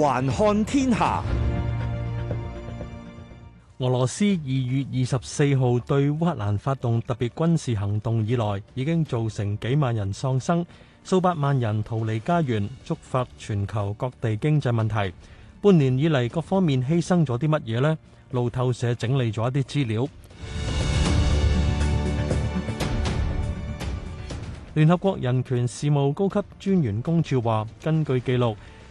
環看天下，俄羅斯二月二十四號對烏克蘭發動特別軍事行動以來，已經造成幾萬人喪生，數百萬人逃離家園，觸發全球各地經濟問題。半年以嚟，各方面犧牲咗啲乜嘢呢？路透社整理咗一啲資料。聯合國人權事務高級專員公署話，根據記錄，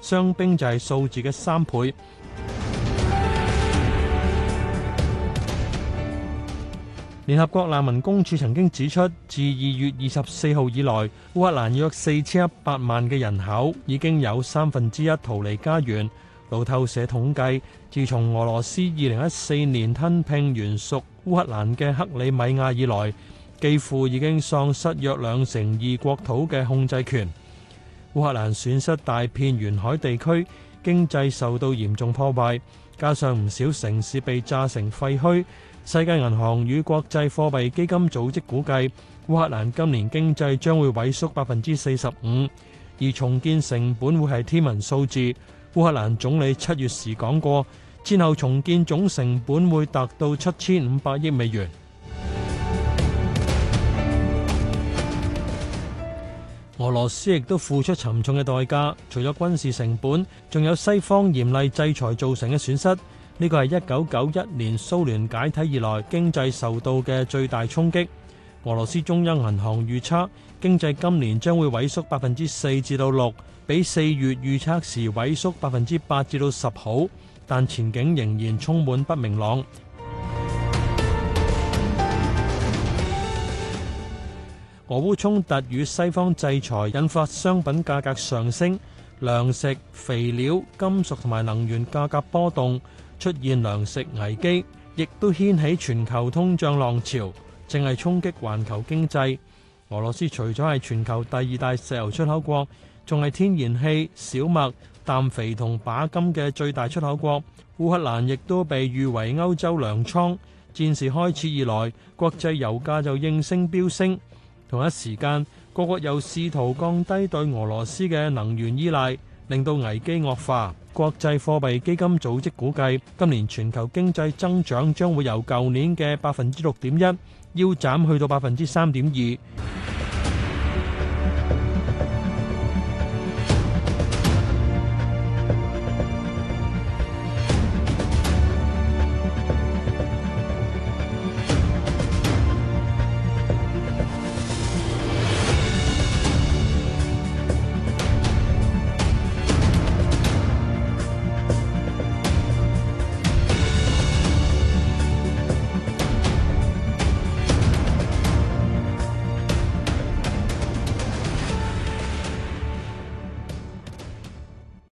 傷兵就係數字嘅三倍。聯合國難民公署曾經指出，自二月二十四號以來，烏克蘭約四千一百萬嘅人口已經有三分之一逃離家園。路透社統計，自從俄羅斯二零一四年吞併原屬烏克蘭嘅克里米亞以來，幾乎已經喪失約兩成二國土嘅控制權。烏克蘭損失大片沿海地區，經濟受到嚴重破壞，加上唔少城市被炸成廢墟。世界銀行與國際貨幣基金組織估計，烏克蘭今年經濟將會萎縮百分之四十五，而重建成本會係天文數字。烏克蘭總理七月時講過，之後重建總成本會達到七千五百億美元。俄羅斯亦都付出沉重嘅代價，除咗軍事成本，仲有西方嚴厲制裁造成嘅損失。呢個係一九九一年蘇聯解體以來經濟受到嘅最大衝擊。俄羅斯中央銀行預測經濟今年將會萎縮百分之四至到六，比四月預測時萎縮百分之八至到十好，但前景仍然充滿不明朗。俄烏衝突與西方制裁引發商品價格上升，糧食、肥料、金屬同埋能源價格波動，出現糧食危機，亦都掀起全球通脹浪潮，正係衝擊環球經濟。俄羅斯除咗係全球第二大石油出口國，仲係天然氣、小麥、氮肥同鈀金嘅最大出口國。烏克蘭亦都被譽為歐洲糧倉。戰事開始以來，國際油價就應聲飆升。同一時間，各國又試圖降低對俄羅斯嘅能源依賴，令到危機惡化。國際貨幣基金組織估計，今年全球經濟增長將會由舊年嘅百分之六點一，腰斬去到百分之三點二。